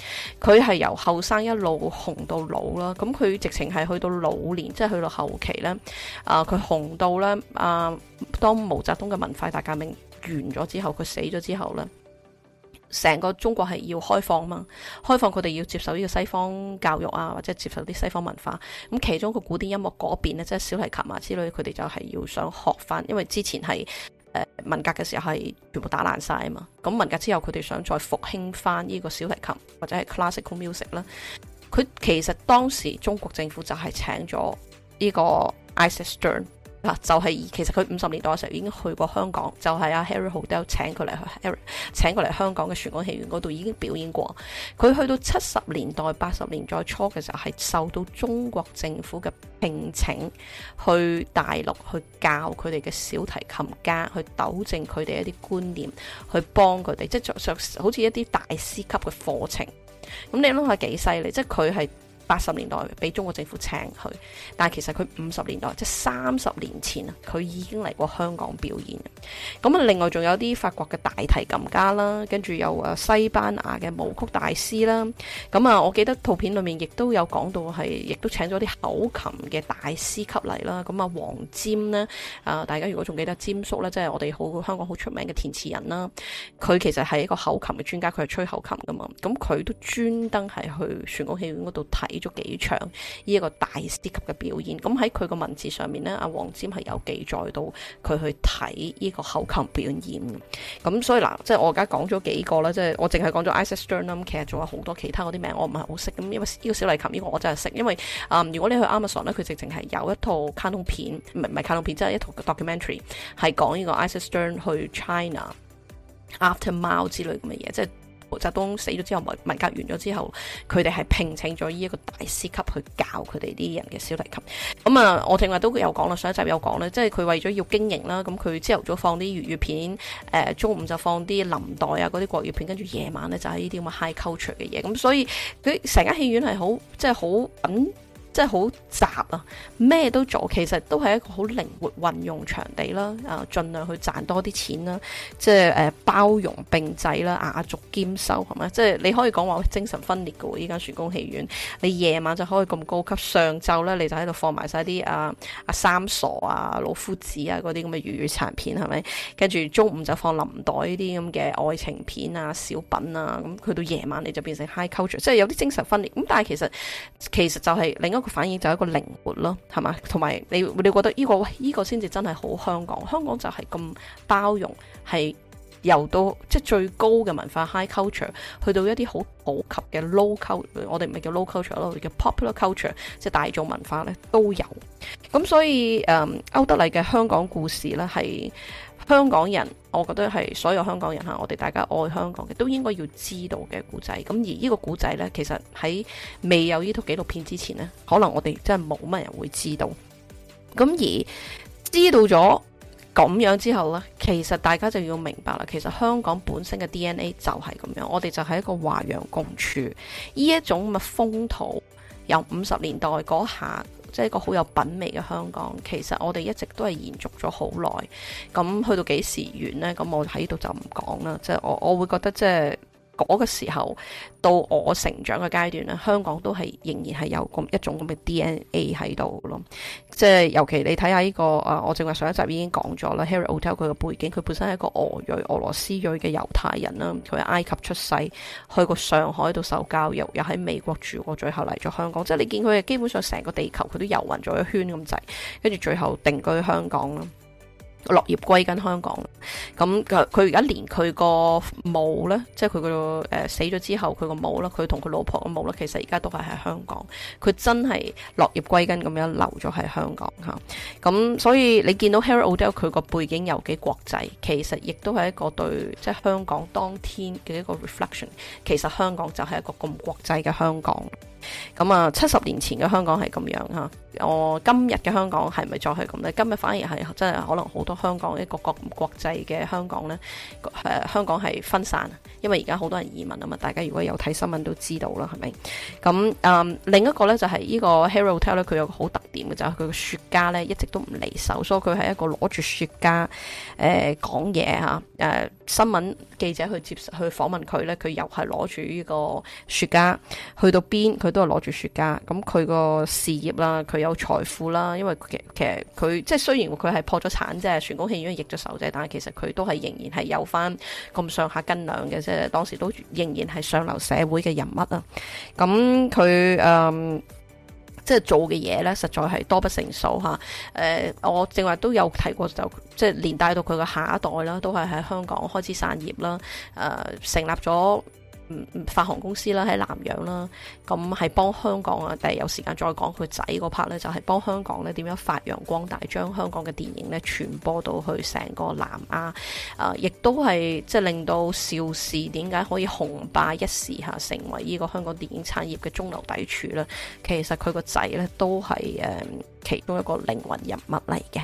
[SPEAKER 1] 佢係由後生一路紅到老啦。咁佢直情係去到老年，即係去到後期呢。啊、呃，佢紅到呢，啊、呃，當毛澤東嘅文化大革命完咗之後，佢死咗之後呢。成個中國係要開放嘛。開放佢哋要接受呢個西方教育啊，或者接受啲西方文化。咁其中個古典音樂嗰邊呢，即係小提琴啊之類，佢哋就係要想學翻，因為之前係誒文革嘅時候係全部打爛晒啊嘛。咁文革之後，佢哋想再復興翻呢個小提琴或者係 classical music 啦。佢其實當時中國政府就係請咗呢個 Isaac Stern。嗱，就係、是、其實佢五十年代嘅時候已經去過香港，就係、是、阿 Harry Odell 請佢嚟去 Harry 請佢嚟香港嘅璇宮戲院嗰度已經表演過。佢去到七十年代八十年代初嘅時候，係受到中國政府嘅聘請去大陸去教佢哋嘅小提琴家，去糾正佢哋一啲觀念，去幫佢哋，即係著著好似一啲大師級嘅課程。咁你諗下幾犀利？即係佢係。八十年代俾中國政府請佢，但係其實佢五十年代即係三十年前啊，佢已經嚟過香港表演。咁啊，另外仲有啲法國嘅大提琴家啦，跟住有誒西班牙嘅舞曲大師啦。咁啊，我記得圖片裏面亦都有講到係，亦都請咗啲口琴嘅大師級嚟啦。咁啊，黃霑呢，啊大家如果仲記得霑叔呢，即係我哋好香港好出名嘅填詞人啦。佢其實係一個口琴嘅專家，佢係吹口琴噶嘛。咁佢都專登係去璇宮戲院嗰度睇。咗幾場呢一個大師級嘅表演，咁喺佢個文字上面呢，阿黃沾係有記載到佢去睇呢個口琴表演，咁所以嗱，即係我而家講咗幾個啦，即係我淨係講咗 Isis Stern 啦，咁其實仲有好多其他嗰啲名我唔係好識，咁因為呢個小提琴呢、這個我真係識，因為、嗯、如果你去 Amazon 呢，佢直情係有一套卡通片，唔係卡通片，即係一套 documentary 係講呢個 Isis Stern 去 China after 貓之類咁嘅嘢，即係。毛澤東死咗之後，文革完咗之後，佢哋係聘請咗呢一個大師級去教佢哋啲人嘅小提琴。咁啊，我正話都有講啦，上一集有講啦，即係佢為咗要經營啦，咁佢朝頭早放啲粵語片，誒、呃，中午就放啲林黛啊嗰啲國語片，跟住夜晚咧就係呢啲咁嘅 high culture 嘅嘢。咁所以佢成間戲院係好，即係好穩。嗯即係好雜啊，咩都做，其實都係一個好靈活運用場地啦，啊，盡量去賺多啲錢啦，啊，即係包容並濟啦，雅俗兼收，係咪？即係你可以講話精神分裂嘅喎，依間船工戲院，你夜晚就可以咁高級，上晝呢，你就喺度放埋晒啲啊啊三傻啊、老夫子啊嗰啲咁嘅粵語殘片係咪？跟住中午就放林黛呢啲咁嘅愛情片啊、小品啊，咁去到夜晚你就變成 high culture，即係有啲精神分裂。咁但係其實其實就係另外一反應就係一個靈活咯，係嘛？同埋你你覺得呢個喂，呢個先至真係好香港，香港就係咁包容，係由到即最高嘅文化 high culture，去到一啲好普及嘅 low culture，我哋唔係叫 low culture 咯，我們叫 popular culture，即大眾文化咧都有。咁所以誒、嗯，歐德禮嘅香港故事咧係。是香港人，我覺得係所有香港人嚇，我哋大家愛香港嘅，都應該要知道嘅古仔。咁而呢個古仔呢，其實喺未有呢套紀錄片之前呢，可能我哋真係冇乜人會知道。咁而知道咗咁樣之後呢，其實大家就要明白啦。其實香港本身嘅 DNA 就係咁樣，我哋就係一個華洋共處呢一種嘅風土，由五十年代嗰下。即係一個好有品味嘅香港，其實我哋一直都係延續咗好耐，咁去到幾時完呢？咁我喺度就唔講啦。即係我我會覺得即係。嗰、那個時候到我成長嘅階段咧，香港都係仍然係有咁一種咁嘅 DNA 喺度咯。即係尤其你睇下呢、這個啊，我正話上一集已經講咗啦。Harry Odell 佢嘅背景，佢本身係一個俄裔、俄羅斯裔嘅猶太人啦。佢喺埃及出世，去過上海度受教育，又喺美國住過，最後嚟咗香港。即係你見佢基本上成個地球，佢都遊勻咗一圈咁滯，跟住最後定居香港咯。落葉歸根，香港，咁佢佢而家連佢個墓咧，即係佢個死咗之後佢個墓啦，佢同佢老婆嘅墓呢，其實而家都係喺香港，佢真係落葉歸根咁樣留咗喺香港嚇。咁所以你見到 Harry Odell 佢個背景有幾國際，其實亦都係一個對即係香港當天嘅一個 reflection。其實香港就係一個咁國際嘅香港。咁啊，七十年前嘅香港係咁樣吓，我今日嘅香港係咪再去咁呢？今日反而係真係可能好多香港一個國國際嘅香港呢。誒、呃，香港係分散，因為而家好多人移民啊嘛，大家如果有睇新聞都知道啦，係咪？咁誒、呃，另一個呢就係、是、呢個 Harry Odell 呢，佢有個好特點嘅就係佢個雪茄呢一直都唔離手，所以佢係一個攞住雪茄誒講嘢吓，誒、呃呃、新聞。記者去接去訪問佢呢，佢又係攞住呢個雪茄，去到邊佢都係攞住雪茄。咁佢個事業啦，佢有財富啦。因為其實佢即係雖然佢係破咗產啫，璇宮戲院已經易咗手啫，但係其實佢都係仍然係有翻咁上下斤兩嘅，即係當時都仍然係上流社會嘅人物啊。咁佢誒即係做嘅嘢咧，實在係多不勝數嚇、呃。我正話都有提過，就即係連帶到佢嘅下一代啦，都係喺香港開枝散葉啦。誒、呃，成立咗。發行公司啦，喺南洋啦，咁係幫香港啊。第日有時間再講佢仔嗰 part 咧，就係、是、幫香港咧點樣發揚光大，將香港嘅電影咧傳播到去成個南亞誒、呃，亦都係即係令到邵氏點解可以紅霸一時吓，成為呢個香港電影產業嘅中流砥柱啦。其實佢個仔咧都係誒、嗯、其中一個靈魂人物嚟嘅。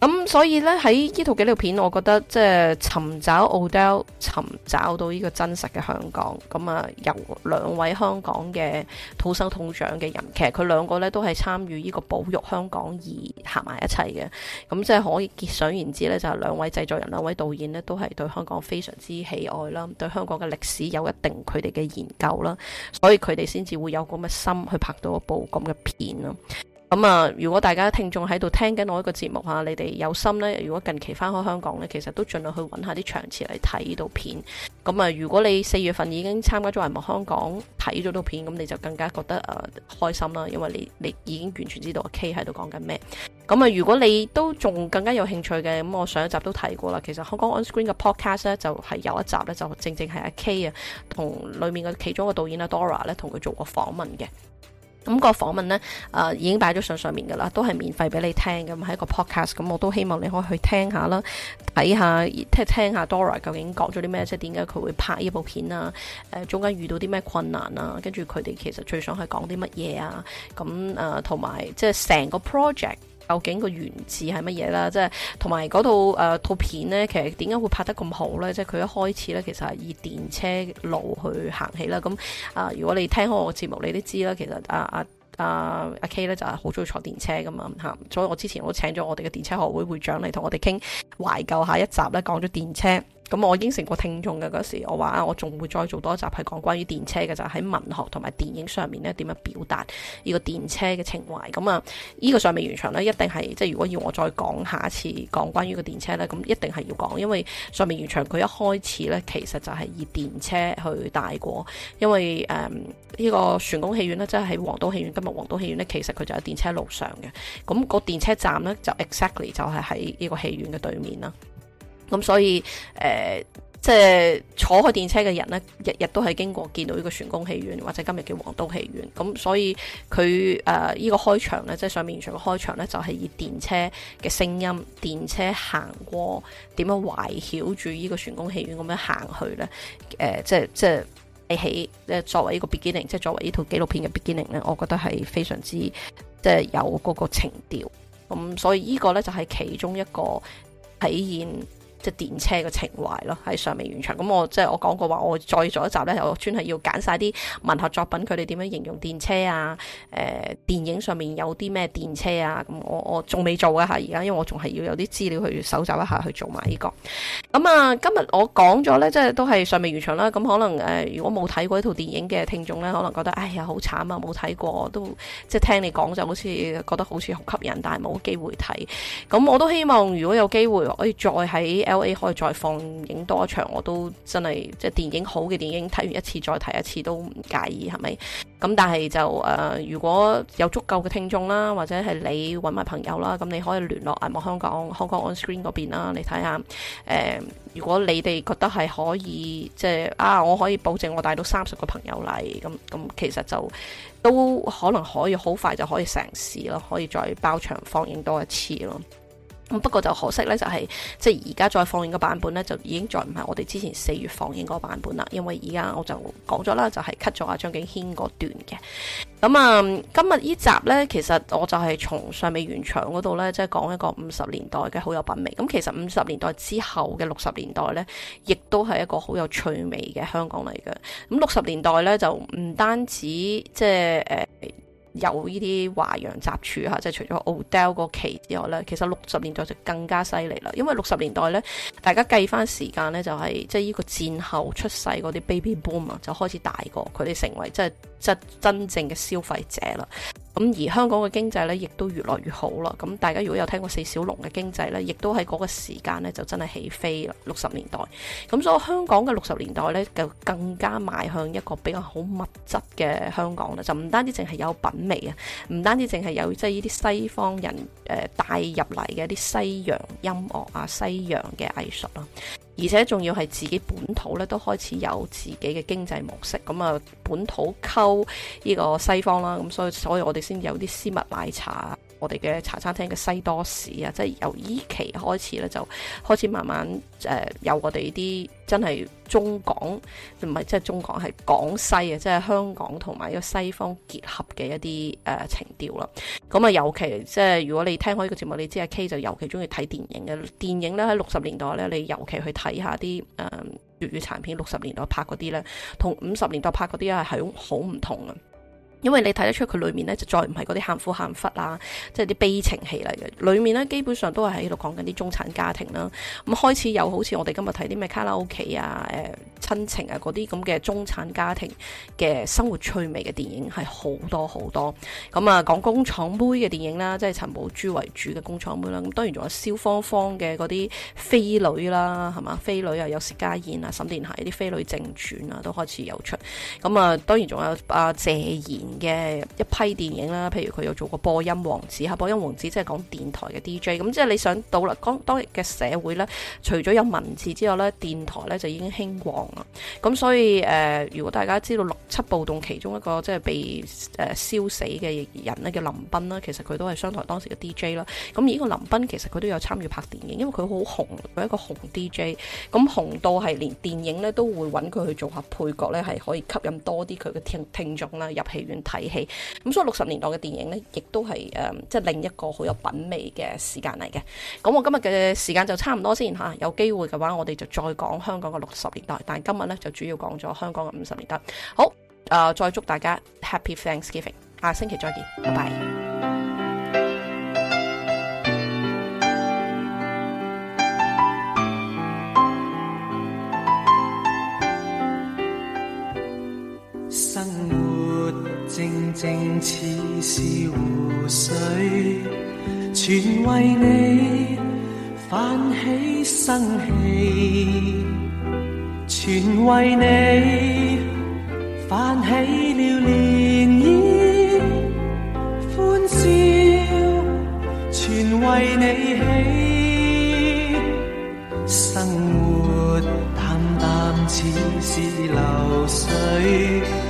[SPEAKER 1] 咁、嗯、所以咧喺呢套紀錄片，我覺得即係尋找 Odell，尋找，Odell，尋找到呢個真實嘅香港。咁、嗯、啊，由兩位香港嘅土生土長嘅人，其實佢兩個咧都係參與呢個保育香港而合埋一齊嘅。咁、嗯、即係可以結想言之咧，就係、是、兩位製作人、兩位導演咧，都係對香港非常之喜愛啦，對香港嘅歷史有一定佢哋嘅研究啦，所以佢哋先至會有咁嘅心去拍到一部咁嘅片咯。咁、嗯、啊，如果大家聽眾喺度聽緊我呢個節目嚇，你哋有心呢，如果近期返開香港呢，其實都盡量去揾下啲場次嚟睇套片。咁、嗯、啊，如果你四月份已經參加咗《銀幕香港》睇咗套片，咁你就更加覺得啊、呃、開心啦，因為你你已經完全知道阿 K 喺度講緊咩。咁、嗯、啊、嗯，如果你都仲更加有興趣嘅，咁我上一集都提過啦，其實《香港 On Screen》嘅 Podcast 呢，就係有一集呢，就正正係阿 K 啊同裡面嘅其中嘅導演阿 Dora 呢，同佢做過訪問嘅。咁、那個訪問咧，誒、呃、已經擺咗上上面㗎啦，都係免費俾你聽嘅，係一個 podcast，咁我都希望你可以去聽下啦，睇下聽聽下 Dora 究竟講咗啲咩，即係點解佢會拍呢部片啊、呃？中間遇到啲咩困難啊？跟住佢哋其實最想係講啲乜嘢啊？咁誒，同、呃、埋即係成個 project。究竟個原字係乜嘢啦？即係同埋嗰套誒套片呢，其實點解會拍得咁好呢？即係佢一開始呢，其實係以電車路去行起啦。咁、嗯、啊、呃，如果你聽開我嘅節目，你都知啦。其實啊啊啊阿 K 呢，就係好中意坐電車噶嘛嚇。所以我之前了我都請咗我哋嘅電車學會會長嚟同我哋傾懷舊，下一集呢，講咗電車。咁我應承過聽眾嘅嗰時，我話啊，我仲會再做多一集，係講關於電車嘅就喺文學同埋電影上面咧，點樣表達呢個電車嘅情懷。咁啊，呢個尚未完場呢，一定係即係如果要我再講下一次講關於個電車呢，咁一定係要講，因為尚未完場，佢一開始呢，其實就係以電車去帶過，因為誒呢、嗯呢個璇宮戲院呢，即係喺皇都戲院，今日皇都戲院呢，其實佢就喺電車路上嘅，咁個電車站呢，就 exactly 就係喺呢個戲院嘅對面啦。咁、嗯、所以，誒、呃，即係坐開電車嘅人呢，日日都係經過見到呢個璇宮戲院，或者今日叫皇都戲院。咁、嗯、所以佢誒呢個開場呢，即係上面場嘅開場呢，就係、是、以電車嘅聲音、電車行過點樣圍繞住呢個璇宮戲院咁樣行去呢。誒、呃，即係即係起，作為一個 beginning，即係作為呢套紀錄片嘅 beginning 咧，我覺得係非常之即係有嗰個情調。咁、嗯、所以呢個呢，就係、是、其中一個體現。即電車嘅情懷咯，喺尚未完場。咁我即我講過話，我再做一集呢，我專係要揀晒啲文學作品，佢哋點樣形容電車啊？誒、呃，電影上面有啲咩電車啊？咁我我仲未做一下，而家因為我仲係要有啲資料去搜集一下去做埋、這、呢個。咁啊，今日我講咗呢，即都係尚未完場啦。咁可能誒、呃，如果冇睇過呢套電影嘅聽眾呢，可能覺得哎呀好慘啊，冇睇過都即聽你講就好似覺得好似好吸引，但係冇機會睇。咁我都希望如果有機會我可以再喺。L.A. 可以再放映多一場，我都真係即係電影好嘅電影，睇完一次再睇一次都唔介意，係咪？咁但係就誒、呃，如果有足夠嘅聽眾啦，或者係你搵埋朋友啦，咁你可以聯絡 AM 香港 Hong Kong On Screen 嗰邊啦，你睇下誒，如果你哋覺得係可以，即係啊，我可以保證我帶到三十個朋友嚟，咁咁其實就都可能可以好快就可以成事咯，可以再包場放映多一次咯。不過就可惜呢、就係，就係即係而家再放映個版本呢，就已經再唔係我哋之前四月放映個個版本啦。因為而家我就講咗啦，就係 cut 咗阿張敬軒嗰段嘅。咁啊，今日呢集呢，其實我就係從尚未完場嗰度呢，即、就、係、係、講一個五十年代嘅好有品味。咁其實五十年代之後嘅六十年代呢，亦都係一個好有趣味嘅香港嚟嘅。咁六十年代呢，就唔單止即係、呃有呢啲華洋雜處嚇，即係除咗 Odell 個期之外呢，其實六十年代就更加犀利啦。因為六十年代呢，大家計翻時間呢，就係即係呢個戰後出世嗰啲 baby boom 啊，就開始大個，佢哋成為即係真正嘅消費者啦。咁而香港嘅經濟咧，亦都越來越好啦。咁大家如果有聽過四小龍嘅經濟咧，亦都喺嗰個時間咧，就真係起飛啦。六十年代，咁所以香港嘅六十年代咧，就更加邁向一個比較好物質嘅香港啦。就唔單止淨係有品味啊，唔單止淨係有即係呢啲西方人誒帶入嚟嘅啲西洋音樂啊、西洋嘅藝術啦。而且仲要係自己本土咧，都開始有自己嘅經濟模式，咁啊本土溝呢個西方啦，咁所以所以我哋先有啲絲襪奶茶。我哋嘅茶餐廳嘅西多士啊，即係由依期開始咧，就開始慢慢誒有我哋啲真係中港，唔係即係中港係港西啊，即係香港同埋一個西方結合嘅一啲誒、呃、情調啦。咁啊，尤其即係如果你聽開呢個節目，你知阿 K 就尤其中意睇電影嘅電影咧。喺六十年代咧，你尤其去睇下啲誒粵語殘片，六十年代拍嗰啲咧，同五十年代拍嗰啲啊，係好唔同啊！因為你睇得出佢裏面咧，就再唔係嗰啲喊苦喊忽啊，即係啲悲情戲嚟嘅。裏面咧，基本上都係喺度講緊啲中產家庭啦。咁開始有好似我哋今日睇啲咩卡拉 OK 啊、誒、呃、親情啊嗰啲咁嘅中產家庭嘅生活趣味嘅電影係好多好多。咁、嗯、啊，講工廠妹嘅電影啦，即係陳寶珠為主嘅工廠妹啦。咁當然仲有蕭芳芳嘅嗰啲飛女啦，係嘛？飛女啊，有薛家燕啊、沈殿霞啲飛女正傳啊，都開始有出。咁、嗯、啊，當然仲有阿、啊、謝賢。嘅一批電影啦，譬如佢有做過播音王子，吓，播音王子即係講電台嘅 DJ，咁即係你想到啦，當當日嘅社會咧，除咗有文字之外咧，電台咧就已經興旺啦。咁所以誒、呃、如果大家知道六七暴動其中一個即係、就是、被誒燒死嘅人咧，叫林彬啦，其實佢都係商台當時嘅 DJ 啦。咁而呢個林彬其實佢都有參與拍電影，因為佢好紅，佢一個紅 DJ，咁紅到係連電影咧都會揾佢去做下配角咧，係可以吸引多啲佢嘅聽聽眾啦入戲院。睇戲，咁所以六十年代嘅電影呢，亦都係誒、嗯，即係另一個好有品味嘅時間嚟嘅。咁我今日嘅時間就差唔多先吓，有機會嘅話，我哋就再講香港嘅六十年代。但係今日呢，就主要講咗香港嘅五十年代。好，誒、呃，再祝大家 Happy Thanksgiving，下、啊、星期再見，拜拜。
[SPEAKER 2] 靜靜似是湖水，全為你泛起生氣，全為你泛起了漣漪，歡笑全為你起，生活淡淡似是流水。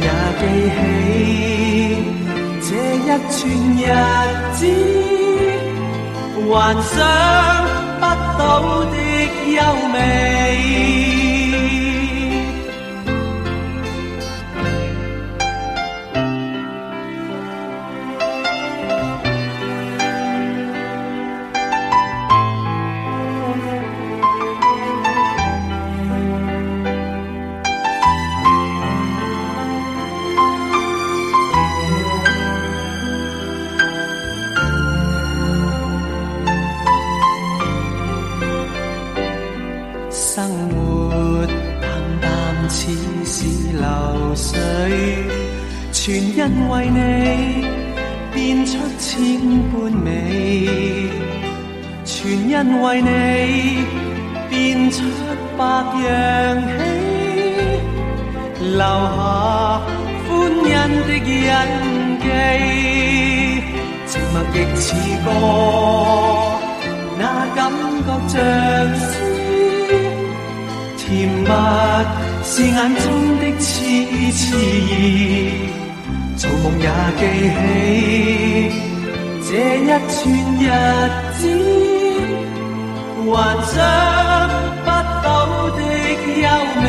[SPEAKER 2] 也記起這一串日子，幻想不到的優美。全因為你變出千般美，全因為你變出百樣喜，留下歡欣的印記，情話亦似歌，那感覺像詩，甜蜜是眼中的癡癡做夢也記起這一串日子，幻想不到的優美。